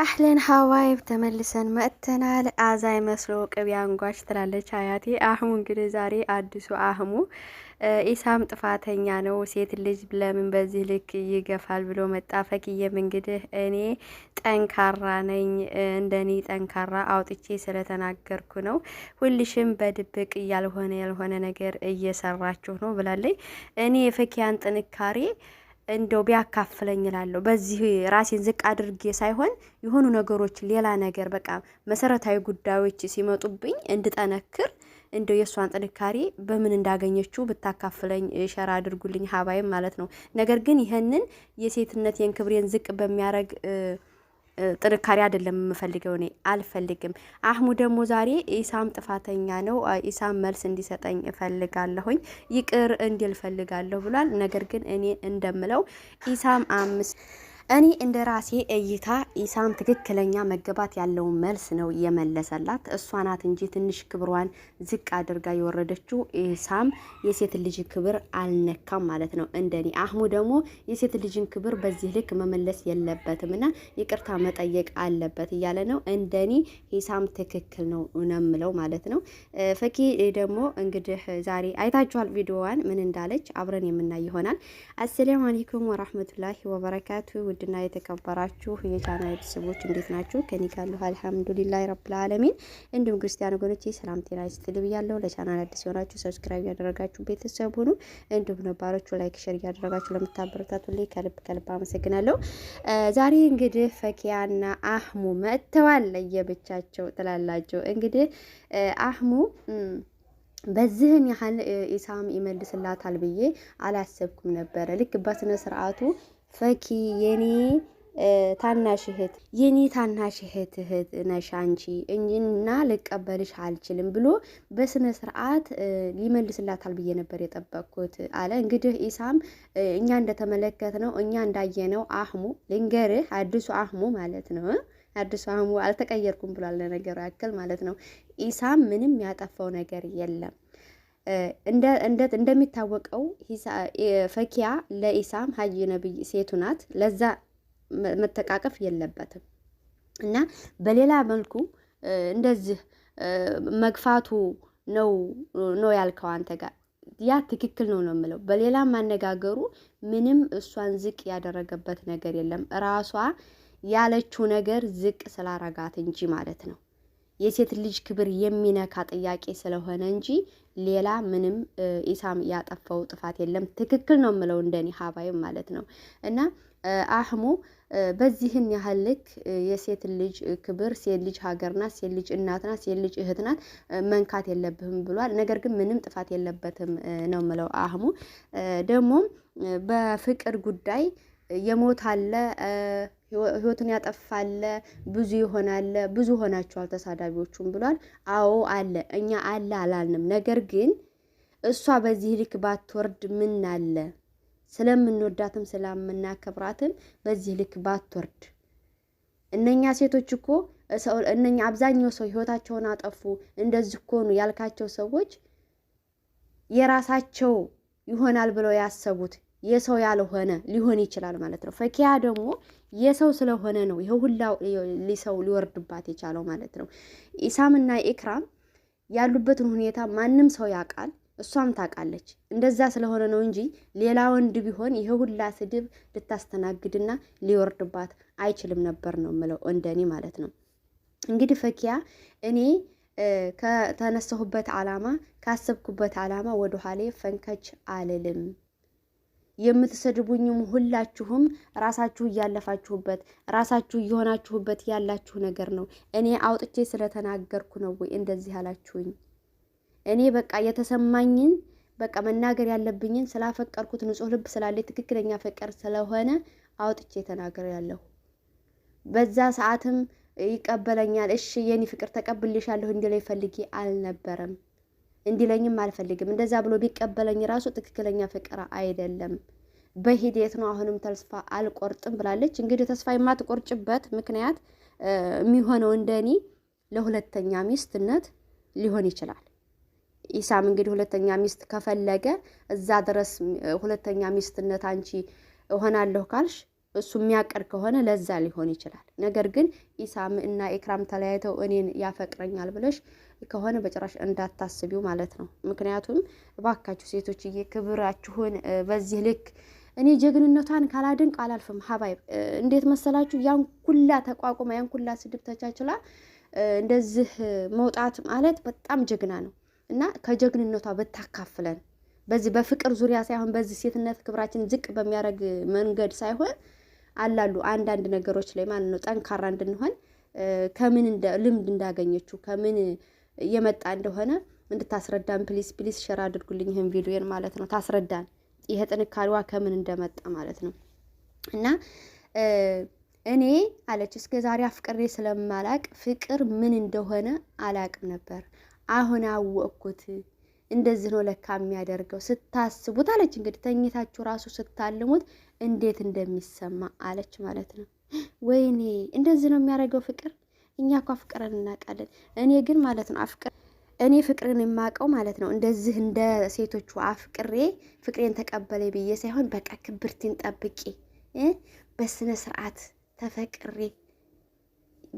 አህለን ሀዋይብ ተመልሰን መጥተናል። አዛ መስሎ ቅቤ አንጓች ትላለች አያቴ። አህሙ እንግዲህ ዛሬ አዲሱ አህሙ ኢሳም ጥፋተኛ ነው፣ ሴት ልጅ ለምን በዚህ ልክ ይገፋል ብሎ መጣ። ፈክዬም እንግዲህ እኔ ጠንካራ ነኝ፣ እንደኔ ጠንካራ አውጥቼ ስለተናገርኩ ነው፣ ሁልሽም በድብቅ እያልሆነ ያልሆነ ነገር እየሰራችሁ ነው ብላለች። እኔ የፈኪያን ጥንካሬ እንደው ቢያካፍለኝ እላለሁ። በዚህ ራሴን ዝቅ አድርጌ ሳይሆን የሆኑ ነገሮች ሌላ ነገር በቃ መሰረታዊ ጉዳዮች ሲመጡብኝ እንድጠነክር እንደው የእሷን ጥንካሬ በምን እንዳገኘችው ብታካፍለኝ ሸራ አድርጉልኝ ሀባይም ማለት ነው። ነገር ግን ይህንን የሴትነት የንክብሬን ዝቅ በሚያደርግ ጥንካሬ አይደለም የምፈልገው እኔ አልፈልግም። አህሙ ደግሞ ዛሬ ኢሳም ጥፋተኛ ነው፣ ኢሳም መልስ እንዲሰጠኝ እፈልጋለሁኝ፣ ይቅር እንዲል እፈልጋለሁ ብሏል። ነገር ግን እኔ እንደምለው ኢሳም አምስት እኔ እንደ ራሴ እይታ ኢሳም ትክክለኛ መገባት ያለውን መልስ ነው የመለሰላት። እሷ ናት እንጂ ትንሽ ክብሯን ዝቅ አድርጋ የወረደችው። ኢሳም የሴት ልጅ ክብር አልነካም ማለት ነው እንደኔ። አህሙ ደግሞ የሴት ልጅን ክብር በዚህ ልክ መመለስ የለበትም እና ይቅርታ መጠየቅ አለበት እያለ ነው። እንደኔ ኢሳም ትክክል ነው ነምለው ማለት ነው። ፈኪ ደግሞ እንግዲህ ዛሬ አይታችኋል ቪዲዮዋን ምን እንዳለች አብረን የምናይ ይሆናል። አሰላሙ አለይኩም ወራህመቱላሂ ወበረካቱ ውድና የተከበራችሁ የቻና ቤተሰቦች እንዴት ናችሁ? ከኔ ጋር አልሐምዱሊላህ ረብል ዓለሚን። እንዲሁም ክርስቲያን ወገኖቼ ሰላም ጤና ይስጥልኝ ብያለሁ። ለቻናል አዲስ የሆናችሁ ሰብስክራይብ ያደረጋችሁ ቤተሰብ ሁኑ። እንዲሁም ነባሮቹ ላይክ፣ ሼር እያደረጋችሁ ለምታበረታቱ ላይ ከልብ ከልብ አመሰግናለሁ። ዛሬ እንግዲህ ፈኪያና አህሙ መጥተዋል። ለየብቻቸው ትላላቸው እንግዲህ አህሙ በዚህን ያህል ኢሳም ይመልስላታል ብዬ አላሰብኩም ነበረ። ልክ በስነ ስርዓቱ ፈኪ የኔ ታናሽ እህት የኔ ታናሽ እህት እህት ነሽ አንቺ እና ልቀበልሽ አልችልም ብሎ በስነ ስርዓት ሊመልስላታል ብዬ ነበር የጠበቅኩት አለ። እንግዲህ ኢሳም እኛ እንደተመለከት ነው እኛ እንዳየነው አህሙ ልንገርህ፣ አዲሱ አህሙ ማለት ነው አዲሱ አህሙ አልተቀየርኩም ብሏል። ለነገሩ ያክል ማለት ነው ኢሳም ምንም ያጠፋው ነገር የለም። እንደሚታወቀው ፈኪያ ለኢሳም ሀይ ነብይ ሴቱ ናት። ለዛ መተቃቀፍ የለበትም እና በሌላ መልኩ እንደዚህ መግፋቱ ነው ነው ያልከው አንተ ጋር ያ ትክክል ነው ነው የምለው። በሌላ ማነጋገሩ ምንም እሷን ዝቅ ያደረገበት ነገር የለም። ራሷ ያለችው ነገር ዝቅ ስላረጋት እንጂ ማለት ነው። የሴት ልጅ ክብር የሚነካ ጥያቄ ስለሆነ እንጂ ሌላ ምንም ኢሳም ያጠፋው ጥፋት የለም። ትክክል ነው የምለው እንደኔ ሀባይ ማለት ነው። እና አህሙ በዚህን ያህል ልክ የሴት ልጅ ክብር ሴት ልጅ ሀገር ናት፣ ሴት ልጅ እናት ናት፣ ሴት ልጅ እህት ናት መንካት የለብህም ብሏል። ነገር ግን ምንም ጥፋት የለበትም ነው የምለው አህሙ። ደግሞ በፍቅር ጉዳይ የሞት አለ ህይወቱን ያጠፋለ ብዙ ይሆናለ ብዙ ሆናችኋል ተሳዳቢዎቹም ብሏል። አዎ አለ፣ እኛ አለ አላልንም። ነገር ግን እሷ በዚህ ልክ ባትወርድ ምን አለ ስለምንወዳትም ስለምናከብራትም በዚህ ልክ ባትወርድ። እነኛ ሴቶች እኮ እነኛ አብዛኛው ሰው ህይወታቸውን አጠፉ እንደዚህ እኮ ያልካቸው ሰዎች የራሳቸው ይሆናል ብለው ያሰቡት የሰው ያልሆነ ሊሆን ይችላል ማለት ነው። ፈኪያ ደግሞ የሰው ስለሆነ ነው ይሄ ሁላ ሰው ሊወርድባት የቻለው ማለት ነው። ኢሳምና ኢክራም ያሉበትን ሁኔታ ማንም ሰው ያውቃል፣ እሷም ታውቃለች። እንደዛ ስለሆነ ነው እንጂ ሌላ ወንድ ቢሆን ይሄ ሁላ ስድብ ልታስተናግድና ሊወርድባት አይችልም ነበር ነው የምለው እንደኔ ማለት ነው። እንግዲህ ፈኪያ እኔ ከተነሳሁበት ዓላማ ካሰብኩበት ዓላማ ወደ ኋላ ፈንከች አልልም። የምትሰድቡኝም ሁላችሁም ራሳችሁ እያለፋችሁበት ራሳችሁ እየሆናችሁበት ያላችሁ ነገር ነው። እኔ አውጥቼ ስለተናገርኩ ነው ወይ እንደዚህ አላችሁኝ? እኔ በቃ የተሰማኝን በቃ መናገር ያለብኝን ስላፈቀርኩት ንጹሕ ልብ ስላለ ትክክለኛ ፍቅር ስለሆነ አውጥቼ ተናገር ያለሁ በዛ ሰዓትም ይቀበለኛል። እሺ የኔ ፍቅር ተቀብልሻለሁ ላይ ፈልጌ አልነበረም። እንዲለኝም አልፈልግም። እንደዛ ብሎ ቢቀበለኝ ራሱ ትክክለኛ ፍቅር አይደለም። በሂደት ነው። አሁንም ተስፋ አልቆርጥም ብላለች። እንግዲህ ተስፋ የማትቆርጭበት ምክንያት የሚሆነው እንደኔ ለሁለተኛ ሚስትነት ሊሆን ይችላል። ኢሳም እንግዲህ ሁለተኛ ሚስት ከፈለገ እዛ ድረስ ሁለተኛ ሚስትነት አንቺ እሆናለሁ ካልሽ እሱ የሚያቀር ከሆነ ለዛ ሊሆን ይችላል። ነገር ግን ኢሳም እና ኤክራም ተለያይተው እኔን ያፈቅረኛል ብለሽ ከሆነ በጭራሽ እንዳታስቢው ማለት ነው። ምክንያቱም እባካችሁ ሴቶችዬ ክብራችሁን በዚህ ልክ እኔ ጀግንነቷን ካላድንቅ አላልፍም። ሀባይ እንዴት መሰላችሁ? ያን ኩላ ተቋቁማ ያን ኩላ ስድብ ተቻችላ እንደዚህ መውጣት ማለት በጣም ጀግና ነው እና ከጀግንነቷ ብታካፍለን በዚህ በፍቅር ዙሪያ ሳይሆን በዚህ ሴትነት ክብራችን ዝቅ በሚያደርግ መንገድ ሳይሆን አላሉ አንዳንድ ነገሮች ላይ ማለት ነው። ጠንካራ እንድንሆን ከምን ልምድ እንዳገኘችው ከምን የመጣ እንደሆነ እንድታስረዳን ፕሊስ ፕሊስ ሸር አድርጉልኝ ይህን ቪዲዮን ማለት ነው። ታስረዳን ይሄ ጥንካሬዋ ከምን እንደመጣ ማለት ነው። እና እኔ አለች እስከ ዛሬ አፍቅሬ ስለማላቅ ፍቅር ምን እንደሆነ አላቅም ነበር። አሁን አወቅኩት። እንደዚህ ነው ለካ የሚያደርገው ስታስቡት አለች። እንግዲህ ተኝታችሁ ራሱ ስታልሙት እንዴት እንደሚሰማ አለች ማለት ነው። ወይኔ እንደዚህ ነው የሚያደርገው ፍቅር። እኛ እኮ አፍቅረን እናውቃለን። እኔ ግን ማለት ነው አፍቅር እኔ ፍቅርን የማውቀው ማለት ነው እንደዚህ እንደ ሴቶቹ አፍቅሬ ፍቅሬን ተቀበለ ብዬ ሳይሆን በቃ ክብርቲን ጠብቄ በስነ ስርዓት ተፈቅሬ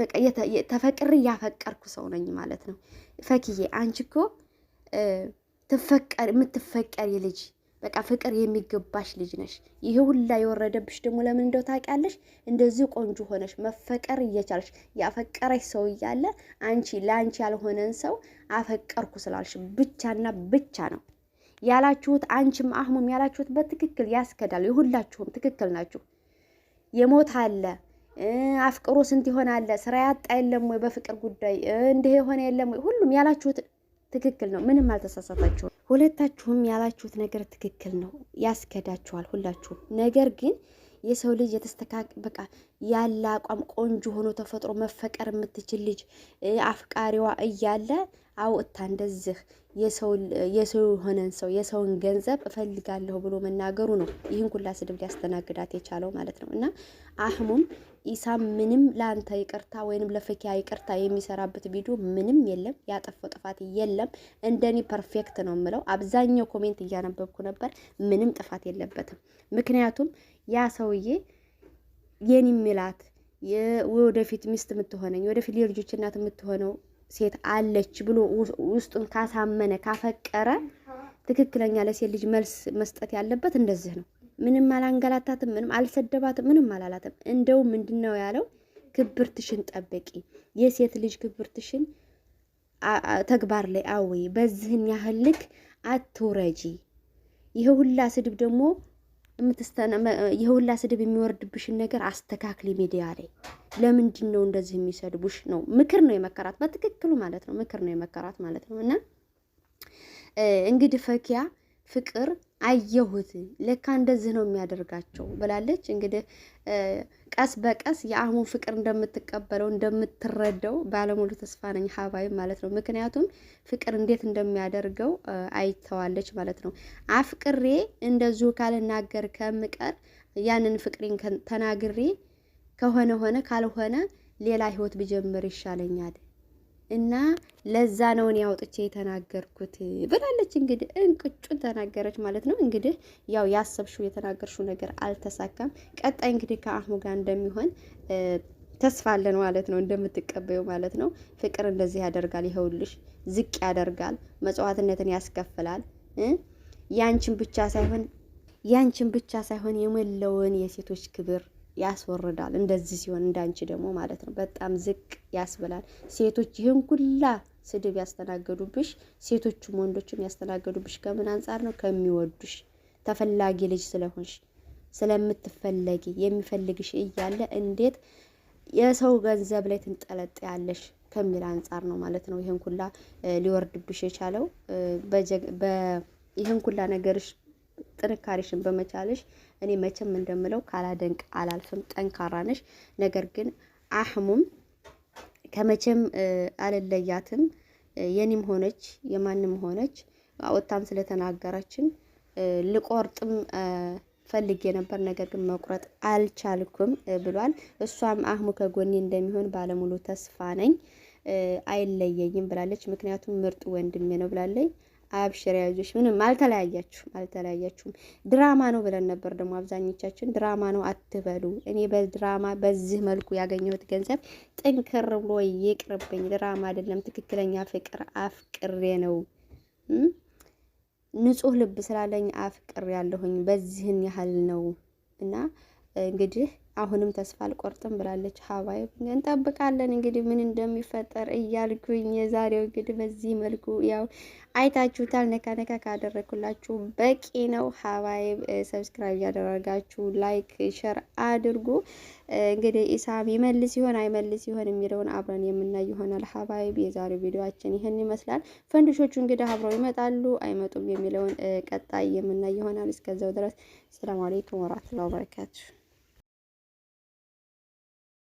በቃ ተፈቅሬ ያፈቀርኩ ሰው ነኝ ማለት ነው። ፈክዬ አንቺ እኮ ትፈቀር የምትፈቀሪ ልጅ በቃ ፍቅር የሚገባሽ ልጅ ነሽ። ይሄ ሁላ የወረደብሽ ደግሞ ለምን እንደው ታውቂያለሽ? እንደዚህ ቆንጆ ሆነሽ መፈቀር እየቻለሽ ያፈቀረሽ ሰው እያለ አንቺ ለአንቺ ያልሆነን ሰው አፈቀርኩ ስላልሽ ብቻና ብቻ ነው ያላችሁት። አንቺም አህሙም ያላችሁት በትክክል ያስከዳሉ። የሁላችሁም ትክክል ናችሁ። የሞት አለ አፍቅሮ ስንት ይሆናለ። ስራ ያጣ የለም ወይ? በፍቅር ጉዳይ እንዲህ የሆነ የለም ወይ? ሁሉም ያላችሁት ትክክል ነው። ምንም አልተሳሳታችሁም። ሁለታችሁም ያላችሁት ነገር ትክክል ነው። ያስከዳችኋል ሁላችሁም። ነገር ግን የሰው ልጅ የተስተካከ በቃ ያለ አቋም ቆንጆ ሆኖ ተፈጥሮ መፈቀር የምትችል ልጅ አፍቃሪዋ እያለ አውጥታ እንደዚህ የሰው የሆነን ሰው የሰውን ገንዘብ እፈልጋለሁ ብሎ መናገሩ ነው ይህን ኩላ ስድብ ሊያስተናግዳት የቻለው ማለት ነው እና አህሙም ኢሳም ምንም ለአንተ ይቅርታ ወይንም ለፈኪያ ይቅርታ የሚሰራበት ቪዲዮ ምንም የለም። ያጠፋው ጥፋት የለም። እንደኔ ፐርፌክት ነው የምለው። አብዛኛው ኮሜንት እያነበብኩ ነበር። ምንም ጥፋት የለበትም። ምክንያቱም ያ ሰውዬ የኔ ሚላት ወደፊት ሚስት የምትሆነኝ ወደፊት ልጆች እናት የምትሆነው ሴት አለች ብሎ ውስጡን ካሳመነ ካፈቀረ፣ ትክክለኛ ለሴት ልጅ መልስ መስጠት ያለበት እንደዚህ ነው። ምንም አላንገላታትም፣ ምንም አልሰደባትም፣ ምንም አላላትም። እንደው ምንድን ነው ያለው? ክብርትሽን ጠብቂ፣ የሴት ልጅ ክብርትሽን ተግባር ላይ አውይ። በዚህን ያህል ልክ አትውረጂ። ይሄ ሁላ ስድብ ደግሞ ይሄ ሁላ ስድብ የሚወርድብሽን ነገር አስተካክሊ። ሚዲያ ላይ ለምንድን ነው እንደዚህ የሚሰድቡሽ? ነው ምክር ነው የመከራት በትክክሉ ማለት ነው። ምክር ነው የመከራት ማለት ነው። እና እንግዲህ ፈኪያ ፍቅር አየሁት ለካ እንደዚህ ነው የሚያደርጋቸው ብላለች። እንግዲህ ቀስ በቀስ የአህሙ ፍቅር እንደምትቀበለው እንደምትረዳው ባለሙሉ ተስፋ ነኝ ሀባይ ማለት ነው። ምክንያቱም ፍቅር እንዴት እንደሚያደርገው አይተዋለች ማለት ነው። አፍቅሬ እንደዚሁ ካልናገር ከምቀር ያንን ፍቅሬን ተናግሬ ከሆነ ሆነ ካልሆነ ሌላ ህይወት ብጀምር ይሻለኛል እና ለዛ ነው እኔ አውጥቼ የተናገርኩት ብላለች። እንግዲህ እንቅጩን ተናገረች ማለት ነው። እንግዲህ ያው ያሰብሽው የተናገርሽው ነገር አልተሳካም። ቀጣይ እንግዲህ ከአህሙ ጋር እንደሚሆን ተስፋ አለን ማለት ነው። እንደምትቀበዩ ማለት ነው። ፍቅር እንደዚህ ያደርጋል። ይኸውልሽ ዝቅ ያደርጋል፣ መጽዋትነትን ያስከፍላል። ያንቺን ብቻ ሳይሆን ያንቺን ብቻ ሳይሆን የመለውን የሴቶች ክብር ያስወርዳል። እንደዚህ ሲሆን እንዳንቺ ደግሞ ማለት ነው በጣም ዝቅ ያስብላል። ሴቶች ይህን ሁላ ስድብ ያስተናገዱብሽ፣ ሴቶቹም ወንዶችም ያስተናገዱብሽ ከምን አንጻር ነው? ከሚወዱሽ ተፈላጊ ልጅ ስለሆንሽ ስለምትፈለጊ የሚፈልግሽ እያለ እንዴት የሰው ገንዘብ ላይ ትንጠለጥ ያለሽ ከሚል አንጻር ነው ማለት ነው። ይህን ሁላ ሊወርድብሽ የቻለው ይህን ሁላ ነገርሽ ጥንካሬሽን በመቻልሽ እኔ መቼም እንደምለው ካላደንቅ አላልፍም። ጠንካራ ነሽ። ነገር ግን አህሙም ከመቼም አልለያትም። የኔም ሆነች የማንም ሆነች ወታም ስለተናገረችን ልቆርጥም ፈልጌ ነበር፣ ነገር ግን መቁረጥ አልቻልኩም ብሏል። እሷም አህሙ ከጎኔ እንደሚሆን ባለሙሉ ተስፋ ነኝ፣ አይለየኝም ብላለች። ምክንያቱም ምርጥ ወንድሜ ነው ብላለች። አብሽር ያዩሽ ምንም አልተለያያችሁም አልተለያያችሁም። ድራማ ነው ብለን ነበር ደግሞ አብዛኞቻችን ድራማ ነው አትበሉ። እኔ በድራማ በዚህ መልኩ ያገኘሁት ገንዘብ ጥንክር ብሎ ይቅርብኝ። ድራማ አይደለም ትክክለኛ ፍቅር አፍቅሬ ነው ንጹህ ልብ ስላለኝ አፍቅሬ ያለሁኝ በዚህን ያህል ነው እና እንግዲህ አሁንም ተስፋ አልቆርጥም ብላለች። ሀባይ እንጠብቃለን እንግዲህ ምን እንደሚፈጠር እያልኩኝ የዛሬው እንግዲህ በዚህ መልኩ ያው አይታችሁታል። ነካ ነካ ካደረግኩላችሁ በቂ ነው። ሀባይ ሰብስክራይብ እያደረጋችሁ ላይክ፣ ሸር አድርጉ። እንግዲህ ኢሳም ይመልስ ይሆን አይመልስ ይሆን የሚለውን አብረን የምናይ ይሆናል። ሀባይብ የዛሬው ቪዲዮችን ይህን ይመስላል። ፈንድሾቹ እንግዲህ አብረው ይመጣሉ አይመጡም የሚለውን ቀጣይ የምናይ ይሆናል። እስከዛው ድረስ ሰላም አለይኩም ወራህመቱላሂ ወበረካቱ።